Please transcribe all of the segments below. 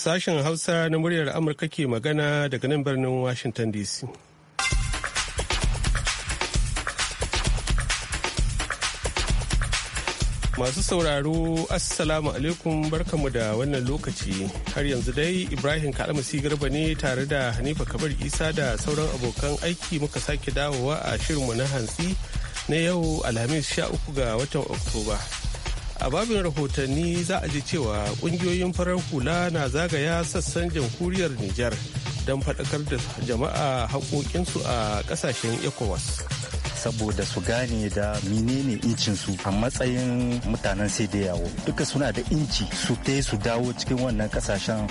Sashen Hausa na muryar Amurka ke magana daga nan birnin Washington DC. Masu sauraro Assalamu alaikum barkamu da wannan lokaci har yanzu dai Ibrahim Kalmasi Garba ne tare da Hanifa Kabar Isa da sauran abokan aiki muka sake dawowa a shirinmu na hantsi na yau Alhamis 13 ga watan Oktoba. a babin rahotanni za a ji cewa kungiyoyin farar hula na zagaya sassan jamhuriyar Nijar don faɗakar da jama'a haƙoƙinsu a ƙasashen ECOWAS. saboda su gane da menene incinsu a matsayin mutanen sai da yawo duka suna da inci su ta su dawo cikin wannan kasashen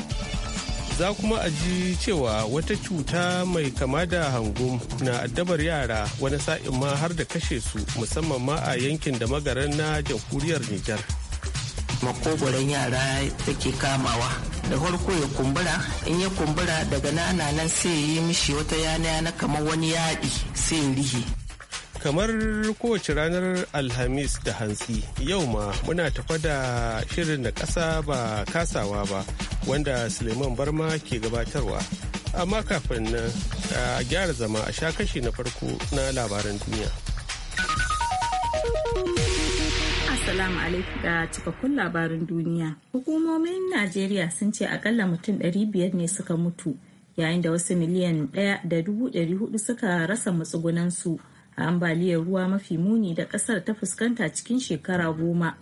za kuma a ji cewa wata cuta mai kama da hangum na addabar yara wani sa'in ma har da kashe su musamman ma a yankin da magaran na jamhuriyar Nijar. makogoron yara take kamawa da farko ya kumbura in ya kumbura daga nana nan sai yi mishi wata yana na kamar wani yaɗi sai rihe kamar kowace ranar alhamis da hantsi yau ma muna tafa da shirin da ƙasa ba kasawa ba wanda suleiman barma ke gabatarwa amma kafin nan a gyara zama a sha kashi na farko na labaran duniya Assalamu alaikum ga cikakkun labarin duniya. Hukumomin Najeriya sun ce akalla mutum 500 ne suka mutu yayin da wasu miliyan da hudu suka rasa matsugunansu ambaliyar ruwa mafi muni da kasar ta fuskanta cikin shekara goma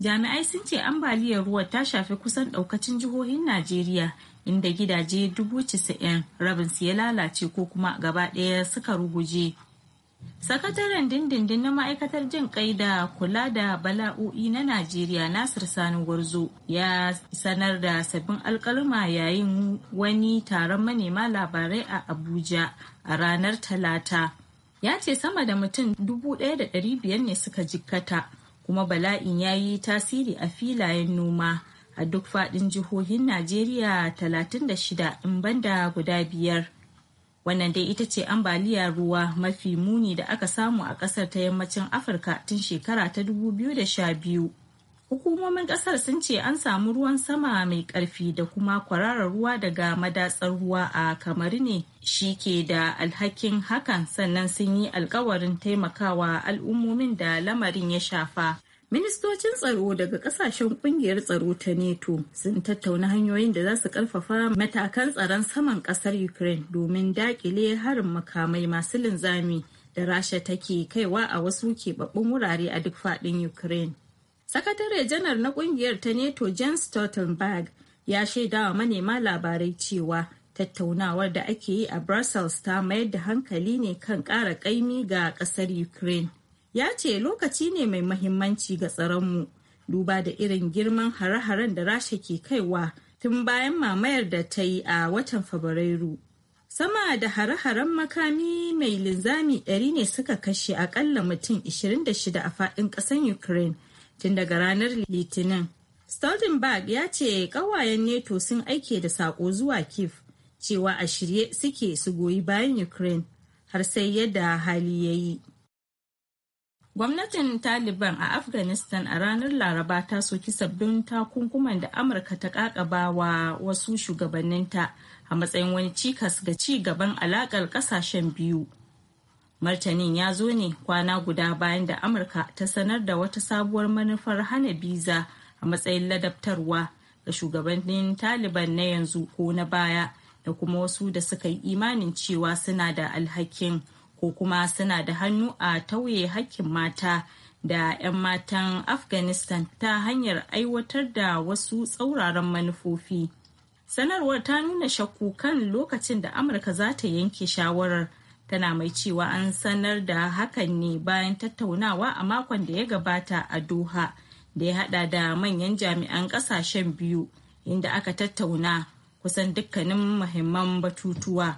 jami'ai sun ce ambaliyar ruwa ta shafi kusan daukacin jihohin najeriya inda gidaje dubu casa'in rabin su ya lalace ko kuma gaba ɗaya suka ruguje sakataren dindindin na ma'aikatar jin kai da kula da bala'o'i na najeriya nasir sani gwarzo ya sanar da sabbin alkalma yayin wani taron manema labarai a abuja a ranar talata ya ce sama da mutum 1,500 ne suka jikkata kuma bala'in ya yi tasiri a filayen noma a duk faɗin jihohin najeriya 36 in banda guda biyar wannan dai ita ce ambaliyar ruwa mafi muni da aka samu a ƙasar ta yammacin afirka tun shekara ta 2012 hukumomin kasar sun ce an samu ruwan sama mai karfi da kuma kwararar ruwa daga madatsar ruwa a kamar ne shi ke da alhakin hakan sannan sun yi alkawarin taimakawa al'ummomin da lamarin ya shafa ministocin tsaro daga kasashen kungiyar tsaro ta neto sun tattauna hanyoyin da za su karfafa matakan tsaron saman kasar ukraine domin dakile harin makamai masu linzami da rasha take kaiwa a wasu keɓaɓɓun wurare a duk faɗin ukraine sakatare janar na kungiyar ta neto jens stoltenberg ya shaida wa manema labarai cewa tattaunawar da ake yi a brussels ta mayar da hankali ne kan ƙara ƙaimi ga ƙasar ukraine ya ce lokaci ne mai mahimmanci ga tsaronmu duba da irin girman hare-haren da rasha ke kaiwa tun bayan mamayar da ta yi a watan fabrairu sama da hare-haren makami mai linzami 100 ne suka kashe akalla mutum 26 a faɗin ƙasar ukraine tun daga ranar Litinin. Stoltenberg ya ce ƙawayen NATO sun aike da saƙo zuwa Kiev cewa a shirye suke su goyi bayan Ukraine har sai yadda hali ya yi. Gwamnatin Taliban a Afghanistan a ranar Laraba ta soki sabbin takunkuman da Amurka ta kakaba wa wasu shugabanninta a matsayin wani cikas ga ci gaban alakar kasashen biyu. martanin ya zo ne kwana guda bayan da amurka ta sanar da wata sabuwar manufar hana biza a matsayin ladabtarwa ga shugabannin taliban na yanzu ko na baya da kuma wasu da suka yi imanin cewa suna da alhakin ko kuma suna da hannu a tauye hakkin mata da 'yan matan afghanistan ta hanyar aiwatar da wasu tsauraran manufofi sanarwar ta nuna shakku kan lokacin da amurka za ta yanke shawarar tana mai cewa an sanar da hakan ne bayan tattaunawa a makon da ya gabata a doha da ya hada da manyan jami'an kasashen biyu inda aka tattauna kusan dukkanin muhimman batutuwa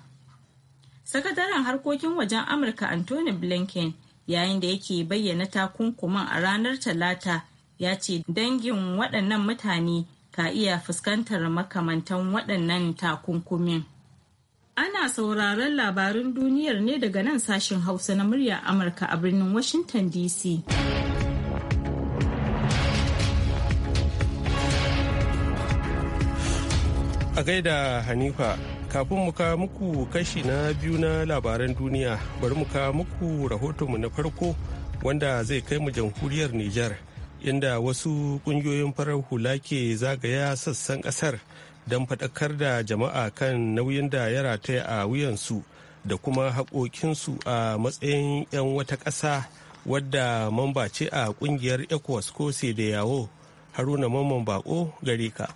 sakataren harkokin wajen amurka anthony blinken yayin da yake bayyana takunkuman a ranar talata ya ce dangin waɗannan mutane ka iya fuskantar makamantan waɗannan takunkumin Ana sauraron labarun duniyar ne daga nan sashen Hausa na murya Amurka a birnin Washington DC. A gaida Hanifa, kafin mu ka muku kashi na biyu na labaran duniya, bari mu ka muku rahotonmu na farko wanda zai kai mu jamhuriyar Nijar, inda wasu kungiyoyin farar hula ke zagaya sassan kasar. don faɗakar da jama'a kan nauyin da ya rataya a wuyansu da kuma haƙoƙinsu a matsayin 'yan wata ƙasa wadda mamba ce a ƙungiyar ecowas ko yawo haruna mamman baƙo gare ka.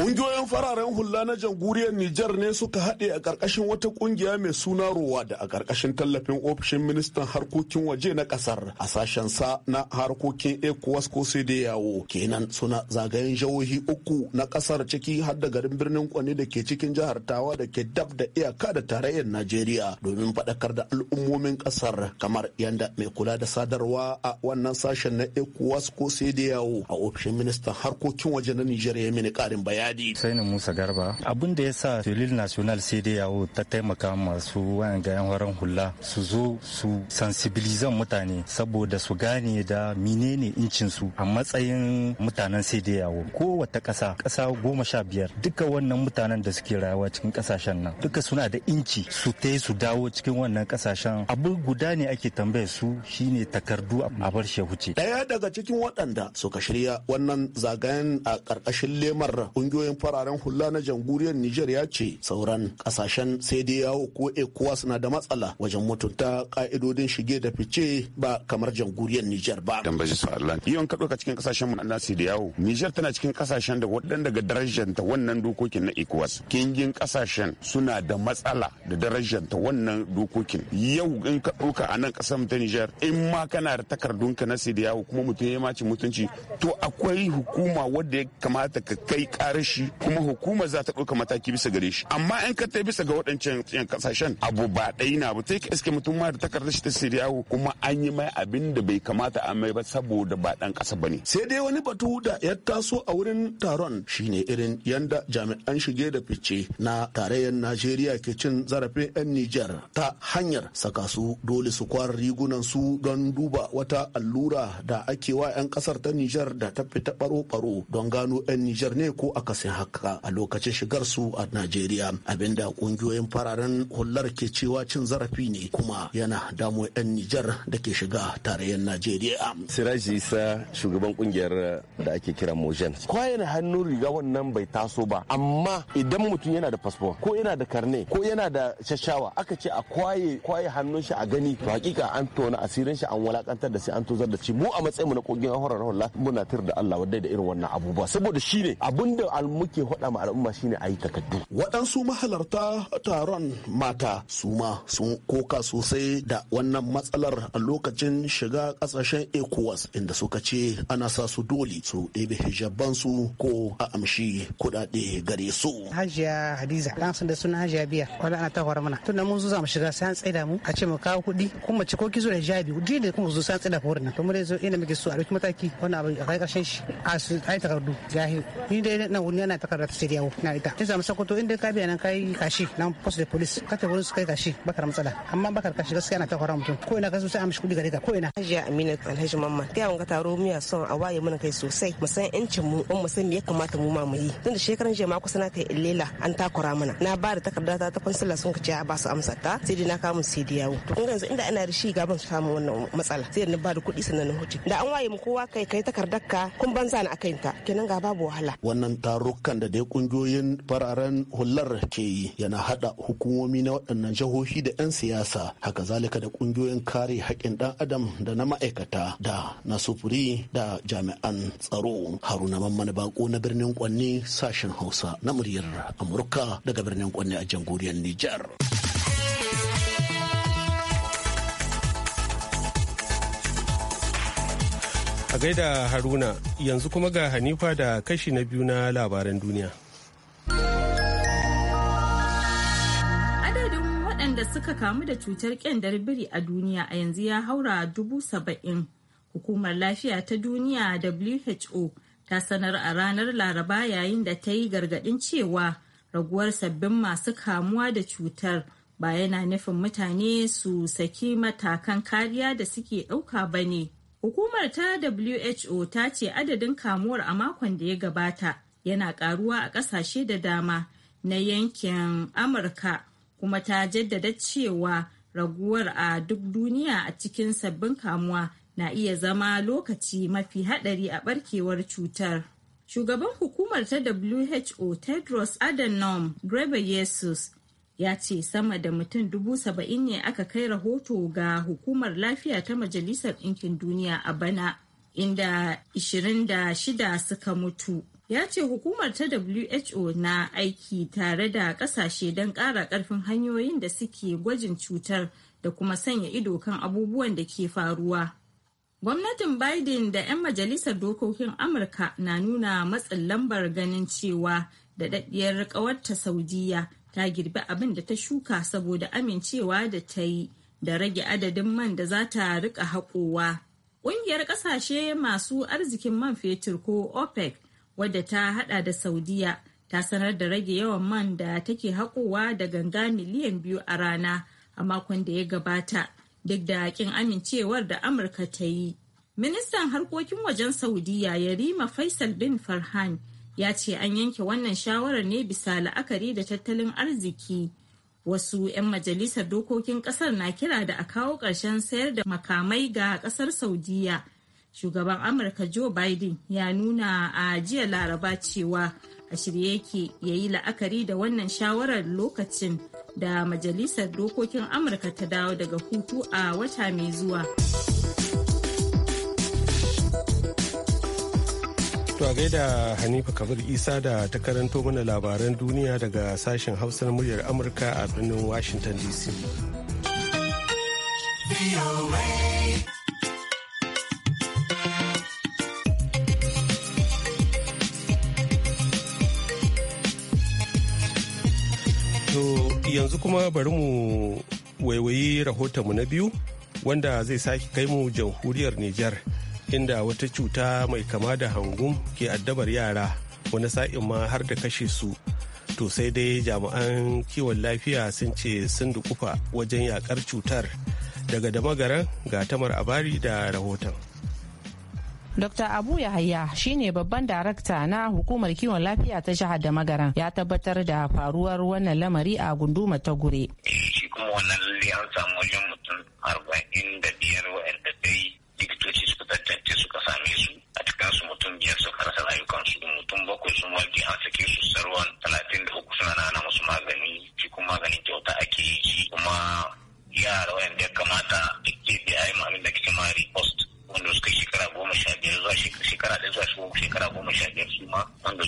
Ƙungiyoyin fararen hula na jamhuriyar Nijar ne suka haɗe a ƙarƙashin wata ƙungiya mai suna Rowa da a ƙarƙashin tallafin ofishin ministan harkokin waje na ƙasar a sashen sa na harkokin ECOWAS ko sai da yawo. Kenan suna zagayen jihohi uku na ƙasar ciki har da garin birnin Kwani da ke cikin jihar Tawa da ke dab da iyaka da tarayyar Najeriya domin faɗakar da al'ummomin ƙasar kamar yanda mai kula da sadarwa a wannan sashen na ECOWAS ko sai da yawo a ofishin ministan harkokin waje na Nijar ya mini ƙarin bayani. Chadi. Sainu Musa Garba abin da ya sa Filil National sai dai yawo ta taimaka masu wayan ga yan horon hula su zo su sensibilizan mutane saboda su gane da menene incin su a matsayin mutanen sai dai yawo kowace ƙasa ƙasa goma sha biyar duka wannan mutanen da suke rayuwa cikin kasashen nan duka suna da inci su ta su dawo cikin wannan kasashen abu guda ne ake tambaye su shine takardu a bar shi ce. daya daga cikin waɗanda suka shirya wannan zagayen a ƙarƙashin lemar kungiyoyin fararen hula na jamhuriyar Nijar ya ce sauran kasashen sai dai yawo ko ekuwa na da matsala wajen mutunta ka'idodin shige da fice ba kamar jamhuriyar Nijar ba. Dan baji sa'allan. ka cikin kasashen mu na sai yawo. Nijar tana cikin kasashen da waɗanda daga darajanta wannan dokokin na ECOWAS. Kingin kasashen suna da matsala da darajanta wannan dokokin. Yau in ka ɗauka a nan ƙasar ta Nijar in ma kana da takardunka na sai yawo kuma mutum ya ci mutunci to akwai hukuma wadda ya kamata ka kai ƙarin kan shi kuma hukumar za ta ɗauka mataki bisa gare shi amma in ka tai bisa ga waɗancan yan kasashen abu ba ɗai na ba take iske mutum ma da takardar shi ta siriyawo kuma an yi mai abin da bai kamata a mai ba saboda ba dan ƙasa ba sai dai wani batu da ya taso a wurin taron shine irin yanda jami'an shige da fice na tarayyar najeriya ke cin zarafin 'yan nijar ta hanyar saka su dole su kwara rigunan su don duba wata allura da ake wa 'yan kasar ta nijar da ta fita baro-baro don gano 'yan nijar ne ko a akasin haka a lokacin shigar su a Najeriya abinda kungiyoyin fararen hular ke cewa cin zarafi ne kuma yana damo 'yan Nijar da ke shiga tarayyar Najeriya. Siraji Isa shugaban kungiyar da ake kira Mojen. Kwayan hannun riga wannan bai taso ba amma idan mutum yana da fasfo ko yana da karne ko yana da shashawa aka ce a kwaye kwaye hannun shi a gani to hakika an tona asirin shi an walakantar da sai an tozar da shi mu a matsayin mu na kungiyar horar hula muna tir da Allah wadda da irin wannan abubuwa saboda shine abinda muke hada ma al'umma shine a yi takardu. Waɗansu mahalarta taron mata suma sun koka sosai da wannan matsalar a lokacin shiga ƙasashen ECOWAS inda suka ce ana sa su dole su ɗebe hijaban su ko a amshi kuɗaɗe gare su. Hajiya Hadiza ɗan sun da suna Hajiya Biya wala ana ta hora mana da mun zo mu shiga sai an tsaida mu a ce mu kawo kuɗi kuma ci ko ki zo da hijabi duk da kuma zo sai an tsaida ko nan to mu dai zo ina muke so a ɗauki mataki wannan abu a kai ƙarshen shi a su ayi takardu gahi ni dai nan wuri yana takarda ta shirya na ita in samu sakoto inda ka biya nan kai kashi na post da police ka ta wurin su kai kashi bakar matsala amma bakar kashi gaskiya na takwara mutum ko ina kasu sai amshi kudi gare ka ko ina hajiya amina alhaji mamman ta yawon ka taro miya son a waye mana kai sosai musan yancin mu mu san me ya kamata mu ma mu yi tun da shekaran jiya ma sana ta illela an takwara mana na ba da takarda ta ta kansila sun ka ce a ba su amsa ta sai dai na kamun sai da yawo to kun yanzu inda ana da shi gaban samu wannan matsala sai na ba da kuɗi sannan na hoti da an waye mu kowa kai kai takardar ka kun banza na akai ta kenan ga babu wahala wannan taro tarurrukan da dai kungiyoyin fararen hular ke yi yana hada hukumomi na waɗannan jihohi da 'yan siyasa haka zalika da kungiyoyin kare haƙƙin ɗan adam da na ma'aikata da na sufuri da jami'an tsaro haruna mamman bako na birnin kwanne sashen hausa na muryar amurka daga birnin kwanne a jamhuriyar nijar. gaida Haruna yanzu kuma ga Hanifa da kashi na biyu na labaran duniya. Adadin waɗanda suka kamu da cutar kyandar biri a duniya a yanzu ya haura dubu saba'in. Hukumar lafiya ta duniya WHO ta sanar a ranar Laraba yayin da ta yi gargaɗin cewa raguwar sabbin masu kamuwa da cutar ba yana nufin mutane su saki matakan kariya da suke ɗauka ba ne. Hukumar ta WHO ta ce adadin kamuwar a makon da ya gabata yana karuwa a ƙasashe da dama na yankin Amurka kuma ta jaddada cewa raguwar a duk duniya a cikin sabbin kamuwa na iya zama lokaci mafi haɗari a ɓarkewar cutar. Shugaban hukumar ta WHO Tedros Adhanom Ghebreyesus ya ce sama da mutum dubu saba'in ne aka kai rahoto ga hukumar lafiya ta majalisar ɗinkin duniya a bana inda 26 suka mutu ya ce hukumar ta who na aiki tare da ƙasashe don ƙara ƙarfin hanyoyin da suke gwajin cutar da kuma sanya ido kan abubuwan da ke faruwa gwamnatin biden da 'yan majalisar dokokin amurka na nuna matsin lambar ganin cewa da ƙawarta saudiya ta girbi abin da ta shuka saboda amincewa da ta yi da rage adadin man da za ta rika haƙowa. Ƙungiyar ƙasashe masu arzikin man fetur ko OPEC wadda ta hada da Saudiya ta sanar da rage yawan man da take haƙowa da ganga miliyan biyu a rana a makon da ya gabata duk da kin amincewar da Amurka ta yi. Ministan harkokin wajen Saudiya Yarima Faisal bin Farhan ya ce an yanke wannan shawarar ne bisa la'akari da tattalin arziki wasu 'yan majalisar dokokin kasar na kira da a kawo ƙarshen sayar da makamai ga kasar saudiya shugaban amurka joe biden ya nuna a jiya laraba cewa a shirye yake ya yi la'akari da wannan shawarar lokacin da majalisar dokokin amurka ta dawo daga hutu a wata mai zuwa. To a gaida Hanifa Kabir Isa da ta karanto mana labaran duniya daga sashen Hausa na muryar Amurka a birnin Washington DC. To yanzu kuma bari mu waiwayi rahotonmu na biyu wanda zai sake kai mu jamhuriyar Nijar. inda wata cuta mai kama da hangum ke addabar yara wani sa'in ma har da kashe su to sai dai jami'an kiwon lafiya sun ce sun dukufa wajen yakar cutar daga damagaran ga tamar abari da rahoton Dr. Abu Yahaya shine babban darakta na hukumar kiwon lafiya ta jihar da magaran ya tabbatar da faruwar wannan lamari a gunduma ta gure. Shi kuma wannan an samu wajen mutum arba'in da biyar wa'anda dai mutum bakwai sun warke an sake su sarwan talatin da uku suna nana musu magani shi kuma maganin kyauta ake yi shi kuma yara wayanda ya kamata ke da ya yi abin da kike ma repost wanda suka shekara goma sha biyar zuwa shekara ɗaya zuwa shekara goma sha biyar su ma wanda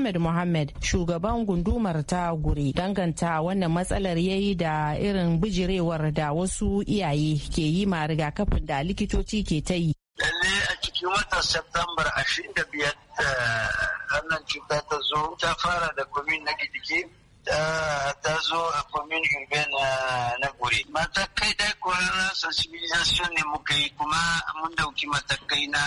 Ahmed Mohammed shugaban gundumar ta guri danganta wannan matsalar yayi da irin bijirewar da wasu iyaye ke yi ma rigakafin da likitoci ke ta yi. a cikin watan biyar 25 wannan cuta ta zo ta fara da kwamin na gidike ta zo a kwamin urban na gure. Matakai dai kwanar sensibilisation ne muka yi kuma mun dauki matakai na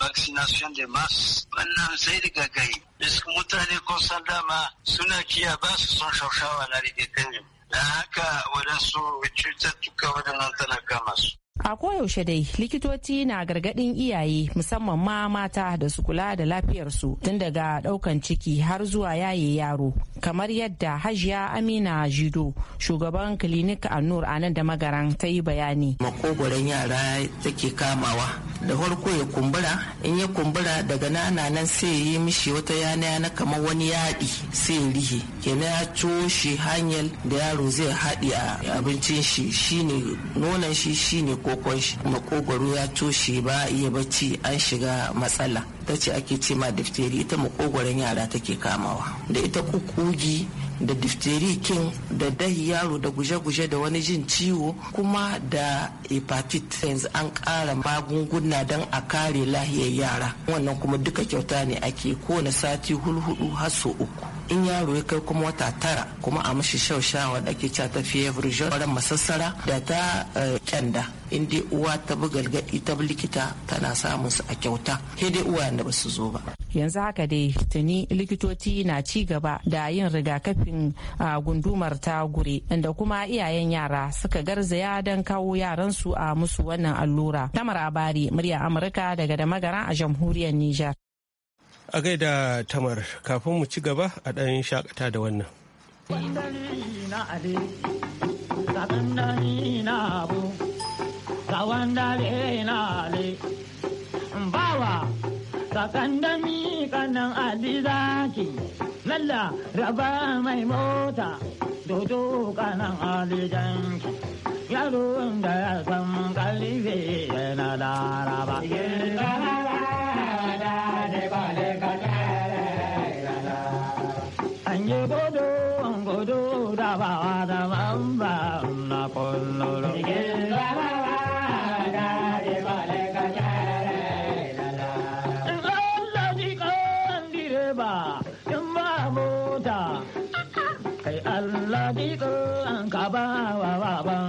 vaccination de wannan sai daga gai duk mutane kusan dama suna kiya ba su son shaushawa na rigakafin da haka waɗansu cututtuka waɗannan tana kama su A koyaushe dai likitoci na gargaɗin iyaye musamman ma mata da su kula da lafiyarsu tun daga ɗaukan ciki har zuwa yaye yaro kamar yadda hajiya amina jido shugaban klinik annur anan da magaran ta yi bayani makogoron yara take kamawa da farko ya kumbura in ya kumbura daga nana nan sai yi mishi wata yana yana kamar wani yaɗi sai ya rihe kenan ya coshe hanyar da yaro zai haɗi a abincin shi shine nonan shi shine kokon shi makogoro ya coshe ba iya bacci an shiga matsala ta ce ake ce ma difteri ita makogoron yara take kamawa da ita kukugi da difteri kin da dahi yaro da guje-guje da wani jin ciwo kuma da hepatitis an ƙara magunguna don a kare lahiyar yara wannan kuma duka kyauta ne ake kowane sati hulhudu har uku in yaro ya kai kuma wata tara kuma a mashi shaushawa da ake cewa ta virgin wadda masassara da ta eh, kyanda in dai uwa ta bi galgadi ta bi likita tana samun su a kyauta sai dai uwa da ba su zo ba yanzu haka dai tuni likitoci na ci gaba da yin rigakafin gundumar ta gure inda kuma iyayen yara suka garzaya don kawo yaran su a musu wannan allura tamar abari murya amurka daga da magara a jamhuriyar nijar a gaida tamar kafin mu ci gaba a ɗan shakata da wannan. Bawa sakandami kanan Ali zaki lalla raba mai mota dodo kanan Ali janki yaron da ya san kalife yana laraba. an yi godo an godo da bawa da mamba na kullum Allah diko an kaba wa wa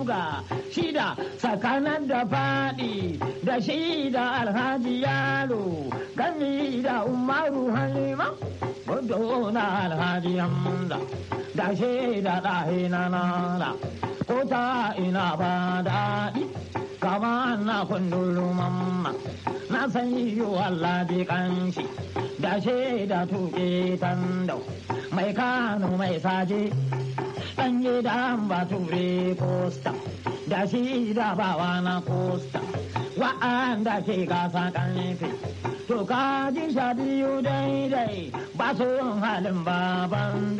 buga shida tsakanin da faɗi da shida alhaji yaro gami da umaru halima gudu na alhaji hamza da shi da ɗahi na nana ko ta ina ba daɗi kama na kundulu mamma na san yi Allah kanshi da shi da tuƙe mai kano mai saje an yi da ba da shi da bawa na kosta wa'anda ke gasa kanfe to ka ji sha biyu daidai ba su halin baban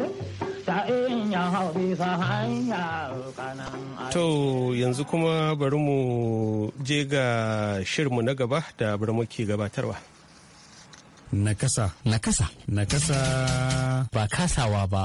To yanzu kuma bari mu je ga shirmu na gaba da bari muke gabatarwa. Nakasa. Nakasa. Nakasa. Ba kasawa ba.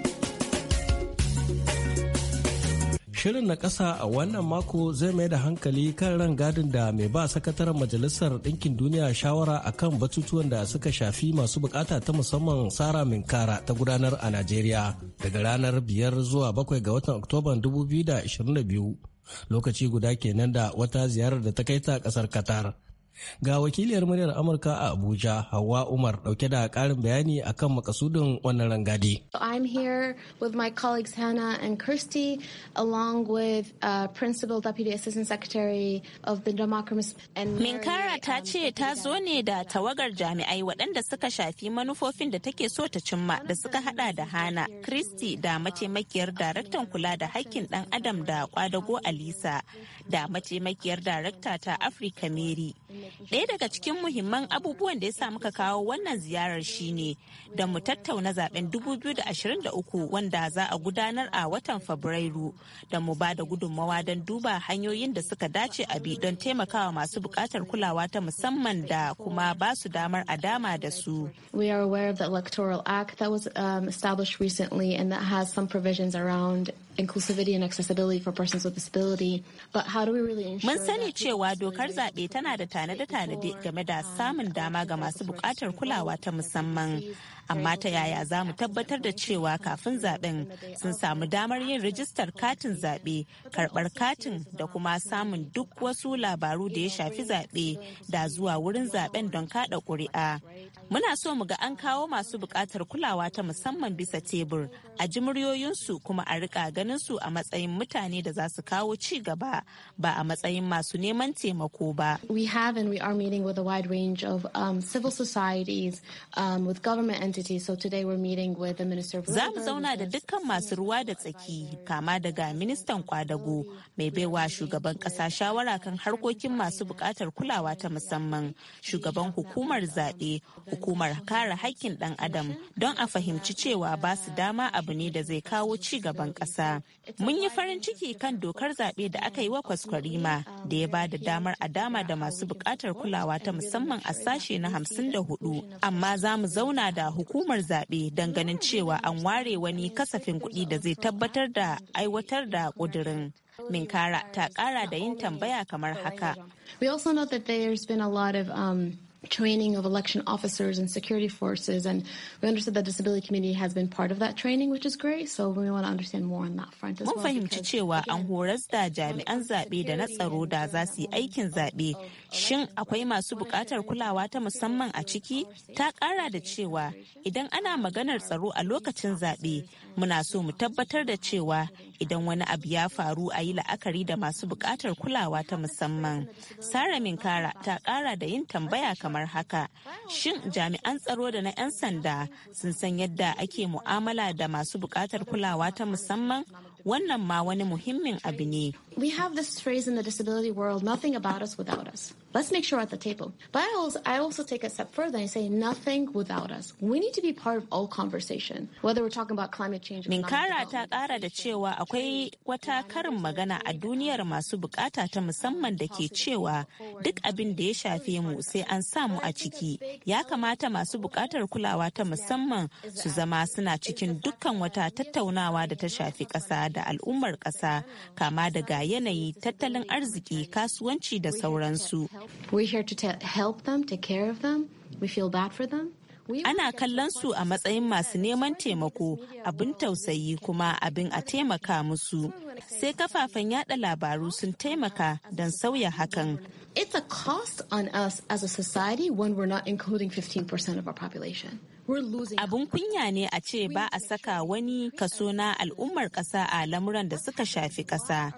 Shirin na ƙasa a wannan mako zai mai da hankali kan rangadin da mai ba sakataren Majalisar Ɗinkin Duniya shawara a kan batutuwan da suka shafi masu bukata ta musamman Sara Minkara ta gudanar a Najeriya daga ranar biyar zuwa bakwai ga watan Oktoban 2022 lokaci guda kenan da wata ziyarar da ta kai ta ƙasar Qatar. Ga wakiliyar muryar Amurka a Abuja, Hauwa Umar dauke da karin bayani akan makasudin wannan rangadi. I'm here with my colleagues Hannah and Kirsty along with uh, Principal Deputy Assistant Secretary of the Democracy and Minkara ta ce ta zo ne da tawagar jami'ai waɗanda suka shafi manufofin da take so ta cimma da suka hada da hana Kirsty da mataimakiyar daraktan kula da haƙƙin ɗan adam da kwadago Alisa da mataimakiyar darakta ta Afrika meri Ɗaya daga cikin muhimman abubuwan da ya sa muka kawo wannan ziyarar shine da mu tattauna zaben 2023 wanda za a gudanar a watan Fabrairu da mu ba da gudunmawa don duba hanyoyin da suka dace a bi don taimakawa masu buƙatar kulawa ta musamman da kuma ba su damar a dama da su. We are aware of the Electoral Act that was um, established recently and that has some provisions around Mun sani cewa dokar zaɓe tana da tanade-tanade game da samun dama ga um, masu buƙatar kulawa ta musamman. Amma ta yaya za mu tabbatar da cewa kafin zaɓen sun samu damar yin rijistar katin zaɓe, karɓar katin da kuma samun duk wasu labaru da ya shafi zaɓe da zuwa wurin zaɓen don kaɗa ƙuri'a. Muna so mu ga an kawo masu buƙatar kulawa ta musamman bisa tebur, a ji kuma a riƙa ganin su a matsayin mutane da za su kawo ci gaba ba a matsayin masu neman taimako ba. We have and we are meeting with a wide range of um, civil societies, um, with government entities. So today we're meeting with the Minister of Za mu zauna da dukkan masu ruwa da tsaki kama daga ministan kwadago mai baiwa shugaban kasa shawara kan harkokin masu bukatar kulawa ta musamman shugaban hukumar zaɓe hukumar kare haƙƙin ɗan adam don a fahimci cewa ba su dama abu ne da zai kawo ci gaban ƙasa. Mun yi farin ciki kan dokar zaɓe da aka yi wa kwaskwarima um, da ya ba da damar a dama da masu buƙatar kulawa ta musamman a sashe na hamsin da hudu. Amma za mu zauna da hukumar zaɓe don ganin cewa an ware wani kasafin kuɗi da zai tabbatar da aiwatar da ƙudurin. Minkara ta ƙara da yin tambaya kamar haka. We also know that there's been a um, training of election officers and security forces. And we understood that the disability community has been part of that training, which is great. So we want to understand more on that front as Mun well. Mun fahimci cewa an horas da jami'an zaɓe da na tsaro da za su yi um, aikin zaɓe. Shin akwai masu buƙatar kulawa ta musamman a ciki? Ta ƙara da cewa idan ana maganar tsaro a lokacin zaɓe, muna so mu tabbatar da cewa idan wani abu ya faru a yi la'akari da masu buƙatar kulawa ta musamman. Sara Minkara ta ƙara da yin tambaya kamar kamar haka shin jami'an tsaro da na 'yan sanda sun san yadda ake mu'amala da masu buƙatar kulawa ta musamman wannan ma wani muhimmin abu ne we have this phrase in the disability world nothing about us without us Let's make sure at the table. But I also, I also take a step further and say nothing without us. We need to be part of all conversation, whether we're talking about climate change. Minkara ta kara da cewa akwai wata karin magana a duniyar masu bukata ta musamman da ke cewa duk abin da ya shafe mu sai an samu a ciki. Ya kamata masu bukatar kulawa ta musamman su zama suna cikin dukkan wata tattaunawa da ta shafi ƙasa da al'ummar ƙasa kama daga yanayi tattalin arziki kasuwanci da sauransu. We're to help them, take care Ana kallon su a matsayin masu neman taimako, abin tausayi kuma abin a taimaka musu. Sai kafafen yada labaru sun taimaka don sauya hakan. It's a cost on us as a society when we're not including 15% of our population. Abun kunya ne a ce ba a saka wani kaso na al'ummar ƙasa a lamuran da suka shafi ƙasa.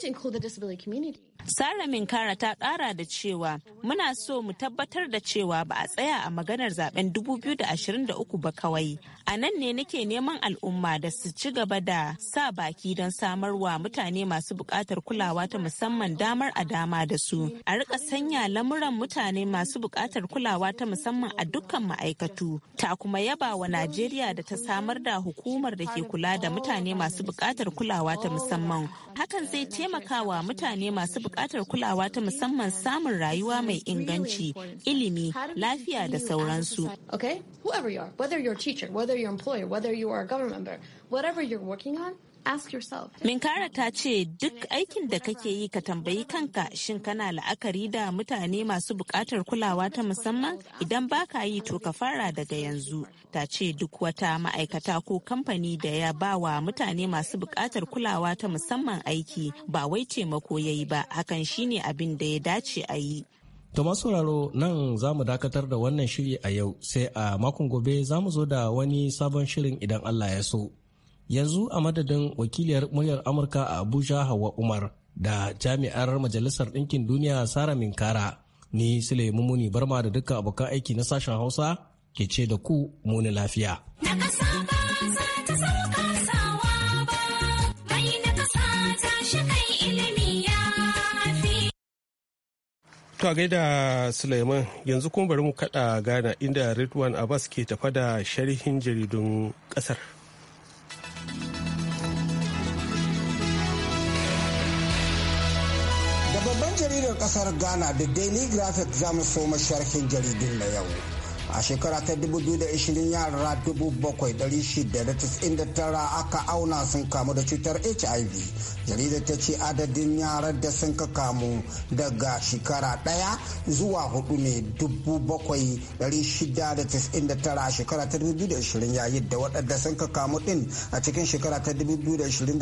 to Sara Minkara ta kara da cewa muna so mu tabbatar da cewa ba a tsaya a maganar zaben 2023 ba kawai. A nan ne nake neman al'umma da su ci gaba da sa baki don samarwa mutane masu bukatar kulawa ta musamman damar a dama da su. A rika sanya lamuran mutane masu bukatar kulawa ta musamman a dukkan ma'aikatu. Ta kuma yaba wa Najeriya da ta samar da hukumar da ke kula da mutane masu buƙatar kulawa ta musamman. Hakan zai taimakawa mutane masu buƙatar kulawa ta musamman samun rayuwa mai inganci, ilimi, lafiya da sauransu. Okay, whoever you are, whether you're a teacher, whether you're an employer, whether you are a government member, whatever you're working on, Minkara ta ce duk aikin da kake yi ka tambayi kanka shin kana la'akari da mutane masu buƙatar kulawa ta musamman idan ba ka yi to ka fara daga yanzu. Ta ce duk wata ma'aikata ko kamfani da ya ba wa mutane masu buƙatar kulawa ta musamman aiki ba wai taimako ya yi ba hakan shine abin da ya dace a yi. Tomas sauraro nan za mu dakatar da wannan shiri a yau sai a makon gobe za mu zo da wani sabon shirin idan Allah ya so. yanzu a madadin wakiliyar muryar amurka a abuja hawa umar da jami'ar majalisar ɗinkin duniya sara minkara ni sule mumuni barma da duka abokan aiki na sashen hausa ke ce da ku muni lafiya To a gaida Suleiman yanzu kuma bari mu kada gana inda Ridwan Abbas ke tafa da sharhin jaridun kasar. kasar ghana da daily graphic za mu so masharhin jaridun na yau a shekara ta 2020 yara tara aka auna sun kamu da cutar hiv jaridar ta ce adadin yaran da sun ka kamu daga shekara daya zuwa hudu ne tara a shekara ta 2020 yayin da waɗanda sun ka kamu din a cikin shekara ta 2021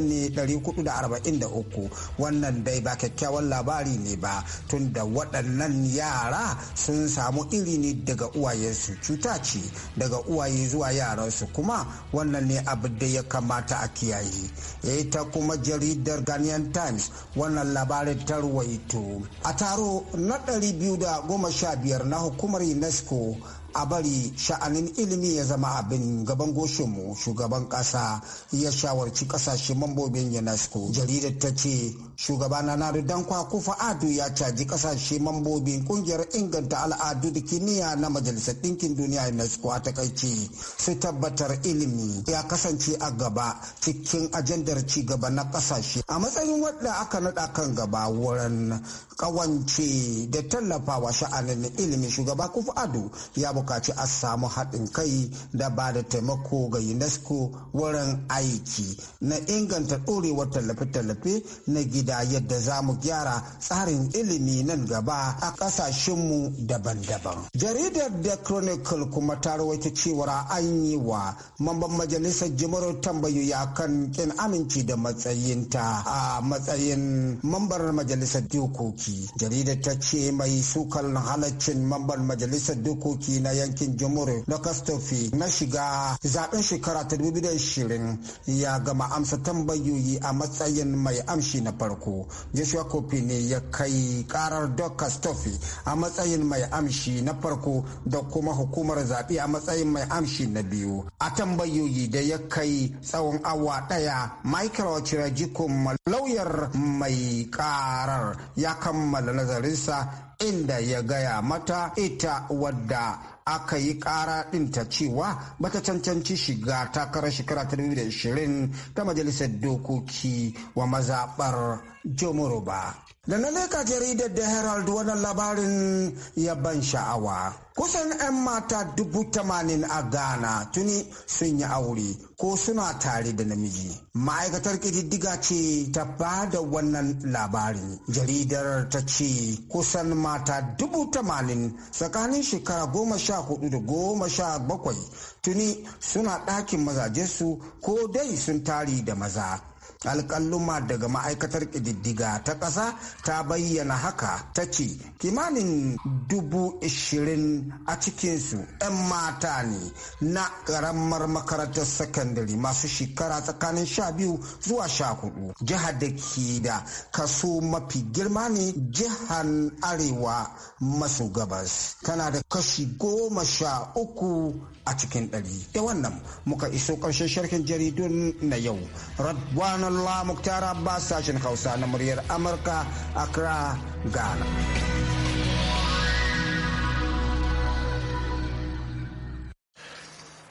ne 443 wannan dai ba kyakkyawan labari ne ba tun da waɗannan yara sun samu iri ne daga uwayensu cuta ce daga uwaye zuwa yaransu kuma wannan ne abin da ya kamata a kiyaye ya yi ta kuma jaridar ghanaian times wannan labarin ta tarwaito a taro na 215 na hukumar unesco a bari sha'anin ilimi ya zama abin gaban goshinmu shugaban ƙasa ya shawarci ƙasashe mambobin unesco jaridar ta ce shugaba na nari dankwa kufa fa'adu ya caji ƙasashe mambobin ƙungiyar inganta al'adu da kimiyya na majalisar ɗinkin duniya unesco a takaice su tabbatar ilimi ya kasance a gaba cikin ajandar ci gaba na ƙasashe a matsayin wadda aka naɗa kan gaba wurin ƙawance da tallafawa sha'anin ilimi shugaba kufa ado ya bukaci a samu haɗin kai da ba da taimako ga unesco wurin aiki na inganta ɗorewar tallafe-tallafe na gida yadda za mu gyara tsarin ilimi nan gaba a ƙasashenmu daban-daban jaridar the chronicle kuma ta rawaita cewar an yi wa mamban majalisar jimar tambayoyi kan kin aminci da matsayinta a matsayin mambar majalisar dokoki jaridar ta ce mai sukan halaccin mamban majalisar dokoki na yankin jamhuriyar na kastofi na shiga zaben shekara ta 2020 ya gama amsa tambayoyi a matsayin mai amshi na farko joshua kofi ne ya kai karar da kastofi a matsayin mai amshi na farko da kuma hukumar zaɓe a matsayin mai amshi na biyu a tambayoyi da ya kai tsawon awa ɗaya michael wacirajikun lauyar mai karar ya kammala nazarinsa inda ya gaya mata ita wadda aka yi kara ɗinta cewa bata cancanci shiga takarar shekara 2020 ta majalisar dokoki wa mazaɓar jomoro ba. Da na leka jaridar da Herald wannan labarin ya ban sha'awa. Kusan 'yan mata dubu tamanin a Ghana tuni sun yi aure ko suna tare da namiji. Ma'aikatar ƙididdiga ce ta ba da wannan labarin. Jaridar ta ce kusan mata dubu tamanin tsakanin shekara goma sha hudu da goma sha bakwai tuni suna ɗakin mazajensu ko dai sun tare da maza. alƙalluma daga ma'aikatar ƙididdiga ta ƙasa ta bayyana haka ta ce kimanin dubu ishirin a cikinsu 'yan mata ne na ƙaramar makarantar sakandare masu shekara tsakanin sha biyu zuwa sha hudu jihar da ke da kaso mafi girma ne jihar arewa maso gabas tana da kashi goma sha uku a cikin ɗari da wannan muka iso ƙarshen sharkin jaridun na yau radwana Nasarullah Muktar Abbas sashen Hausa na muryar Amurka Accra, Ghana.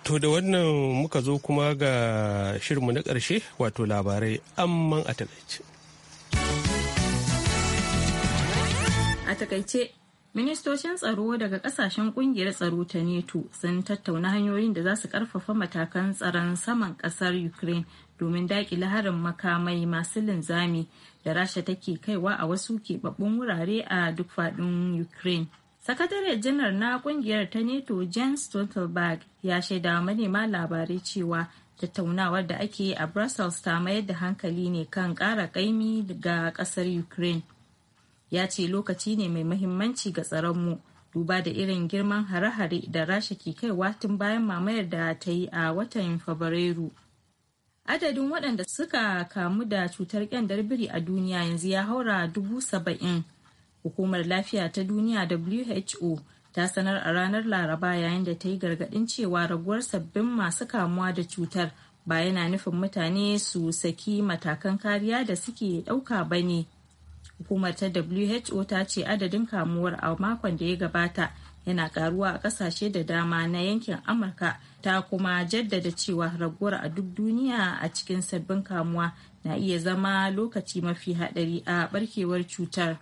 To da wannan muka zo kuma ga shirinmu na ƙarshe wato labarai amman a takaice. A takaice Ministocin tsaro daga kasashen kungiyar tsaro ta NATO sun tattauna hanyoyin da za su karfafa matakan tsaron saman ƙasar Ukraine domin daƙile harin makamai masu linzami da rasha take kaiwa a wasu keɓaɓɓun wurare a duk faɗin ukraine sakatare janar na ƙungiyar ta neto jens stoltenberg ya shaida manema labarai cewa tattaunawar da ake a brussels ta mayar da hankali ne kan ƙara ƙaimi ga ƙasar ukraine ya ce lokaci ne mai mahimmanci ga tsaron mu. duba da irin girman hare-hare da rasha ke kaiwa tun bayan mamayar da ta yi a watan fabrairu adadin waɗanda suka kamu da cutar kyandar biri a duniya yanzu ya haura dubu saba'in hukumar lafiya ta duniya who ta sanar a ranar laraba yayin da ta yi gargaɗin cewa raguwar sabbin masu kamuwa da cutar ba yana nufin mutane su saki matakan kariya da suke ɗauka ba ne hukumar ta who ta ce adadin kamuwar a makon da ya gabata yana karuwa a kasashe da dama na yankin amurka ta kuma jaddada cewa raguwar a duk duniya a cikin sabbin kamuwa na iya zama lokaci mafi haɗari a barkewar cutar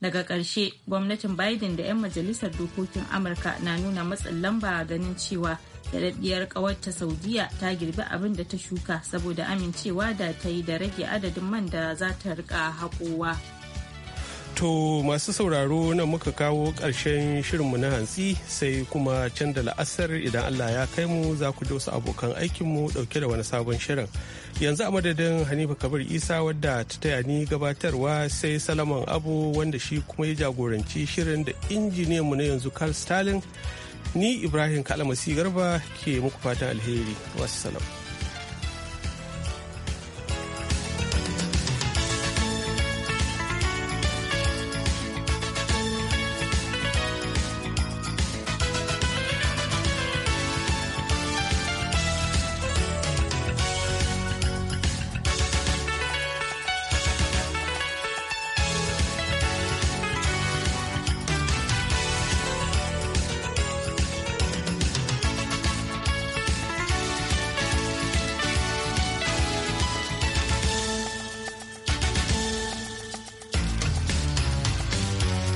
daga ƙarshe gwamnatin biden da 'yan majalisar dokokin amurka na nuna matsin lamba ganin cewa daɗaɗɗiyar ƙawarta saudiya ta girbi abin da ta shuka saboda amincewa da ta yi da rage adadin man da za ta riƙa haƙowa. To masu sauraro nan muka kawo ƙarshen shirinmu na hantsi sai kuma can da la'asar idan Allah ya kai mu za ku ji wasu abokan aikinmu ɗauke da wani sabon shirin. Yanzu a madadin Hanifa Kabir Isa wadda ta taya ni gabatarwa sai Salaman Abu wanda shi kuma ya jagoranci shirin da injiniyanmu na yanzu Carl Stalin. Ni Ibrahim Kalamasi Garba ke muku fatan alheri. Wassalam.